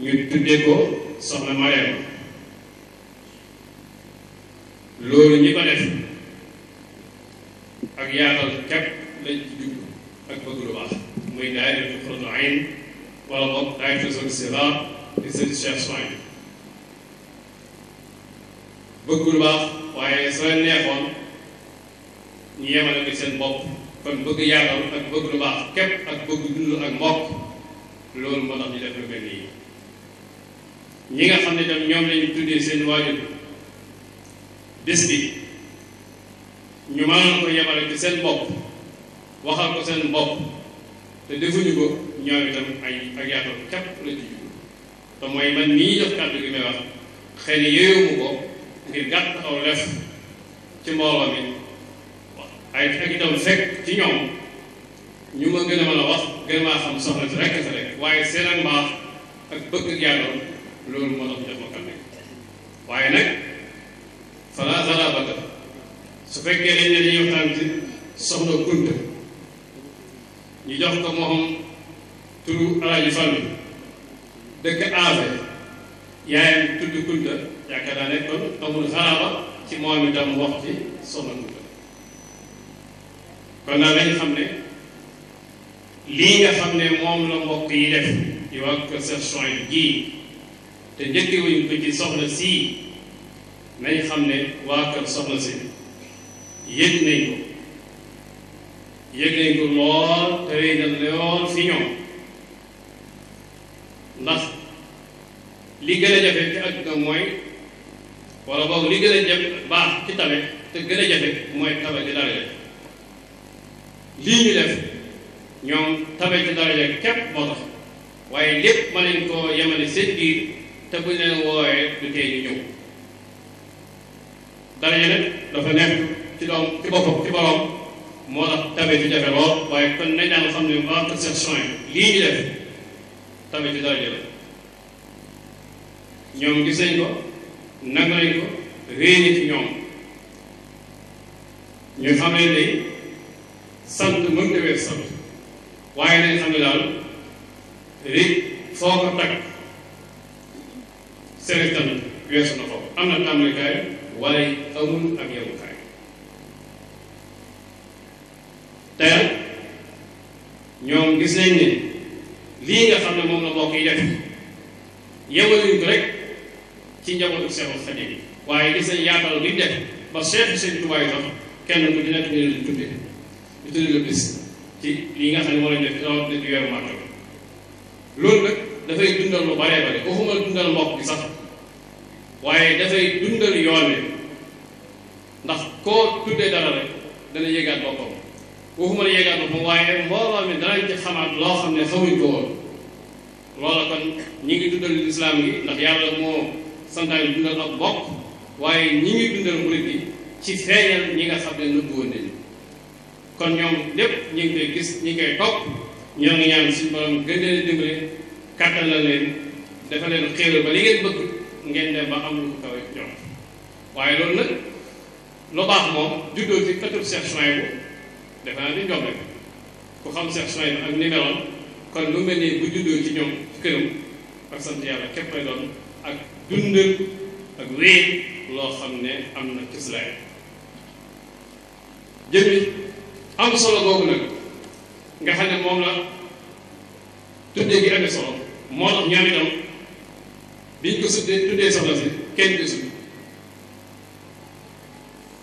ñu tuddee ko soxna Mariama loolu ñi ko def ak yaatal képp lañ ci jublu ak bëgg lu baax muy daay def xurtu ayn wala boog daay fasol sira di sëti Cheikh Soin bëgg lu baax waaye soo neexoon ñu yemale ko seen bopp kon bëgg yaatal ak bëgg lu baax képp ak bëgg dund ak mbokk loolu moo tax ñu def lu mel nii ñi nga xam ne tam ñoom lañu tuddee seen waajur bés bi ñu maanaam ko yemale ci seen bopp waxal ko seen bopp te defuñu ko ñoom itam ay ak yaatal képp la ci jublu te mooy man nii jox kàddu gi may wax xëy na yéewu ko ngir gàtt aw lef ci mbooloo mi ay ak itam fekk ci ñoom ñu ma gën a mën a wax gën maa xam soxla si rekk sa rek waaye seen ak mbaax ak bëgg ak yaatal loolu moo tax def bakkan nekk waaye nag fala zarabata su fekkee dañ ne dañuy waxtaan ci Kunta ñu jox ko moo xam turu alaaji fàllu dëkk aave yaayam tudd Kunta yaakaar naa ne kon amul zaraba ci moom itam wax ci soxna Kunta kon daal dañu xam ne lii nga xam ne moom la mbokk yi def di wax ko session yi jii te njëkke wuñ ko ci soxna sii nañ xam ne waa kër soxna si yëg nañ ko yëg nañ ko lool te rëy na lool fi ñoom ndax li gën a jafe ci àdduna mooy wala boog li gën a jafe baax ci tabe te gën a jafe mooy tabe ci daraja lii ñu def ñoom tabe ci daraja képp moo tax waaye lépp ma leen koo yemale seen biir te buñ leen wooyee du tee ñu ñëw daraja nag dafa nekk ci doom ci boppam ci borom moo tax tabe du jafe lool waaye kon nañ daan xam ne ma perception yi lii ñu def tabe ci daraja la ñoom gis nañ ko nangu nañ ko réer ci ñoom ñu xam ne day sant mën na wér sant waaye nañ xam ne daal rek foo ko takk Sénégal tamit weesu na ko am na tàmbalikaay waaye amul ak yemukaay te ñoom gis nañ ne lii nga xam ne moom la mbokk yi def yemaluñ ko rek ci njabootu Seexul Xadiim bi waaye gis nañ yaatal luñ def ba seetu seen yi sax kenn ku ci nekk ñu leen tudde ñu tudde bis ci lii nga xam ne moo leen def rawatina ci weeru màggal loolu nag dafay dundal lu bare bare waxuma dundal mbokk bi sax waaye dafay dundal yoon wi ndax koo tuddee dara rek dana yéegaat boppam waxuma la yéegaat boppam waaye mbooloo mi xamaat loo xam ne xamuñ ko woon loola kon ñi ngi dundal lislaam gi ndax yàlla moo santaane dundal ak bokk waaye ñi ngi dundal murit gi ci feeñal ñi nga xam ne nëbbu woon nañu kon ñoom lépp ñi ngi koy gis ñi ngi koy topp ñoo ngi ñaan suñu borom gën leen dimbale kàttan la leen dafa leen xéewal ba li ngeen bëgg ngeen dem ba am lu ko kawe ñoom waaye loolu nag lu baax moom juddoo ci fëtëb Cheikh Souhaïbou defe naa di njombe ku xam Cheikh Souhaïbou ak numéro kon lu mel ni bu juddoo ci ñoom ci këram ak sant yàlla képp lay doon ak dundal ak wéy loo xam ne am na kislaay jëmi am solo boobu nag nga xam ne moom la tuddee gi amee solo moo tax ñoom itam biñ ko tuddee tuddee soxla si kenn gisul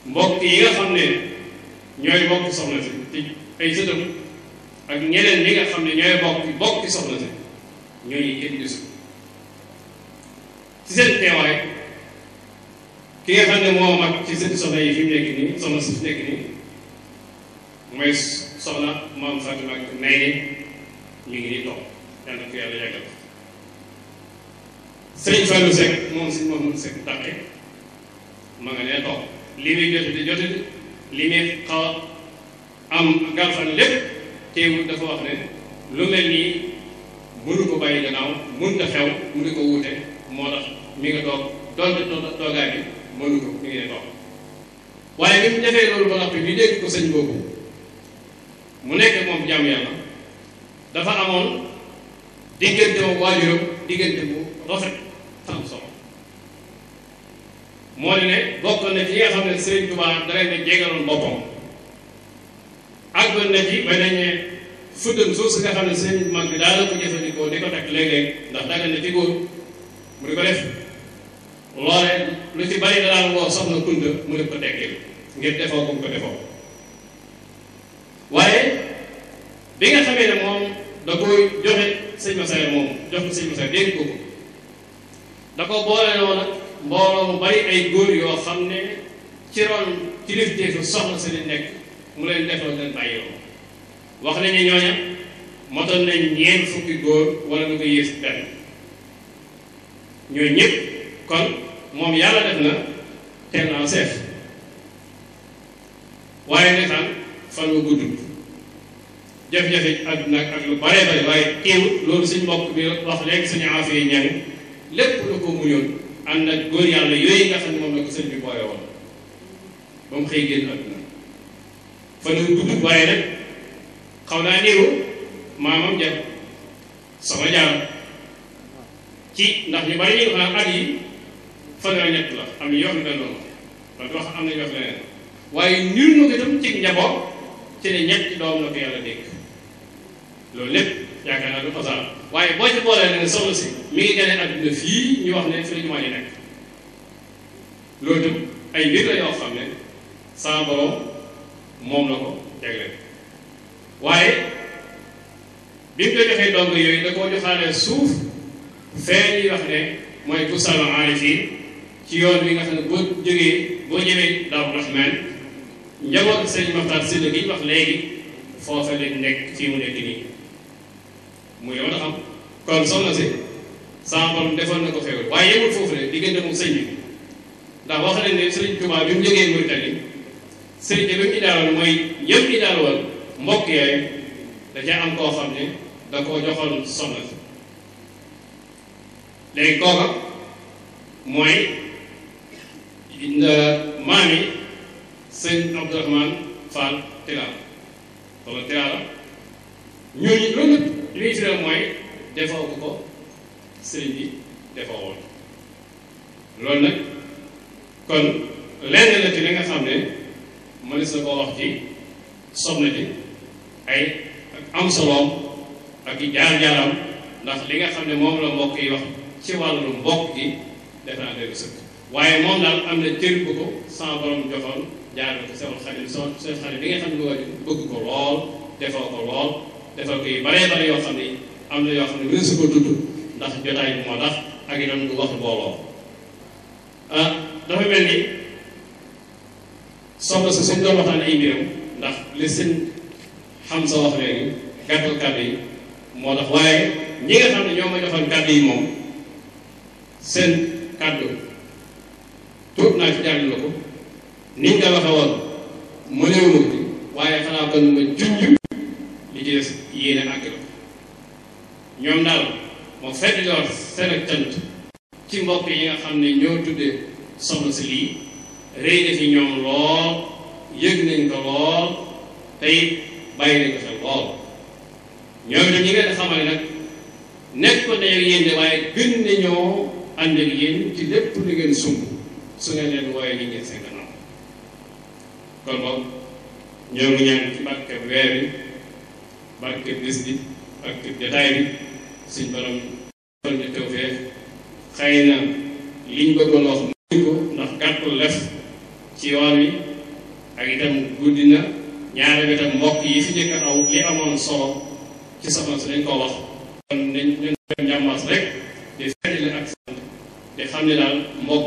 mbokk yi nga xam ne ñooy bokk soxla si te ay sëtam ak ñeneen ñi nga xam ne ñooy bokk bokk soxla si ñooñu kenn gisul ci seen teewaay ki nga xam ne moo mag ci seen soxla yi fi mu nekk nii soxla si fi nekk nii mooy soxna maam Fatima ak Nay ñu ngi nii toog yàlla ko yàlla yàggal ko sëñ Fallou Seck moom si moom Seck Mbacke ma nga nee toog li muy jotati jotati li muy xaw a am gàllankoor lépp teewul dafa wax ne lu mel nii mënu ko bàyyi gannaaw mënut a xew mu ngi ko wuute moo tax mi nga toog doonte toogaay bi mënu ko mi ne toog waaye mu defee loolu ba noppi ñu dégg ko sëñ boobu mu nekk moom jàmm yàlla am moo di ne bokk na ci nga xam ne Serigne Touba da leen di jegaloon boppam àggoon na ci ba dañee fuddam suuf si nga xam ne sëriñ mag bi daa la ko jëfandikoo di ko takk léeg ndax dagal na ci góor mu di ko def loole lu ci bari daan woo soxna Kunta mu di ko tekkil ngir defoo ko mu ko defoo waaye bi nga xamee ne moom da koy joxe sëñ Massaye moom jox ko sëñ Massaye dégg ko da ko boole noonu mbooloo bari ay góor yoo xam ne ci ron kilifteefu soxna si li nekk mu leen defoon leen bàyyi wax nañ ne ñooña motoon nañ fukki góor wala lu ko yées benn ñooñu ñëpp kon moom yàlla def na teel en chef waaye ne fan nga gudd jafe-jafe àdduna ak lu bare bare waaye teewul loolu suñ mbokk bi wax léegi suñu affaire yi ñaan lépp koo muñoon ànd ak góor yàlla yooyu nga xam ne moom la ko sëñ bi boole woon ba mu xëy génn nag xaw naa néew maamam jar sama jaar ci ndax ñu bari ñu nga xam at la ne noonu man ne waaye ñun ñu ko itam ci njaboot ci ne ñetti doom la ko yàlla dégg loolu lépp yaakaar naa du tasaar waaye boo ci boolee ne soxna si mi ngi gane adduna fii ñu wax ne fi la jumaa ji nekk loolu tam ay mbir la yoo xam ne sama borom moom la ko jagleel waaye bi mu ko joxee dong yooyu da koo joxaale suuf fee ñuy wax ne mooy tusalu aarifiin ci yoon bi nga xam ne boo jógee boo ñëwee Daaru Rahmaan njaboot sëñ Maxtaar Sylla gi ñu wax léegi foofa lañ nekk fii mu nekk nii mu yoon a am kon soxna si sama borom defoon na ko xewal waaye yemul foofu ne diggante moom sëñ bi ndax wax nañ ne sëriñ Tuubaa bi mu jógee Mauritanie sëriñ bi mu idaalal mooy ñëpp idaalal mbokk yooyu da ca am koo xam ne da koo joxoon soxna si léegi kooka mooy maami sëñ Abdourahmane Fall Tilala wala Tilala ñooñu loolu li ngay firee mooy defoo ko ko sëriñ bi defoo loolu nag kon lenn la ci li nga xam ne mënees na koo wax ci soxna ji ay ak am soloom ak jaar-jaaram ndax li nga xam ne moom la mbokk yi wax ci wàllu mbokk gi def naa dégg sëkk waaye moom daal am na cër bu ko sans borom joxoon jaar na ko sewal xarit soo seen xarit bi nga xam ne lu bëgg ko lool defoo ko lool defal ko yu baree bari yoo xam ne am na yoo xam ne mënees su ko tudd ndax jotaay bi moo tax ak itam du wax mbooloo ah dafa mel ni soxna si suñ doon waxtaan ay mbiram ndax li sëñ xam sa wax léegi gàttal kàddu yi moo ne ñoo ma defal kàddu yi moom seen kàddu tuut naa ci jàng la ko niñ ko waxe woon ma néew waaye xanaa kon ma junj ci yéene àggal ko ñoom daal moo fedd lool seen ak cant ci mbokk yi nga xam ne ñoo tuddee soxna si lii rëy na fi ñoom lool yëg nañ ko lool tey bàyyi nañ ko xel lool ñoom itam ñi ngeen xamal nag nekkoon nañu yéen de waaye gën nañoo ànd ak yéen ci lépp lu ngeen sumb su ngeen leen wooyee ni ngeen seen gannaaw kon boobu ñoo ngi ñaan ci barke weer wi barke bés bi ak jotaay bi suñ borom doon ñu tew fee xëy liñ bëggoon wax mu ko ndax gàttul lef ci yoon wi ak itam guddi na ñaare bi tam mbokk yi fi njëkk aw li amoon solo ci soxna si dañ ko wax kon nañ ñu njàmbaas rek di fàttali ak sant di xam ne daal mbokk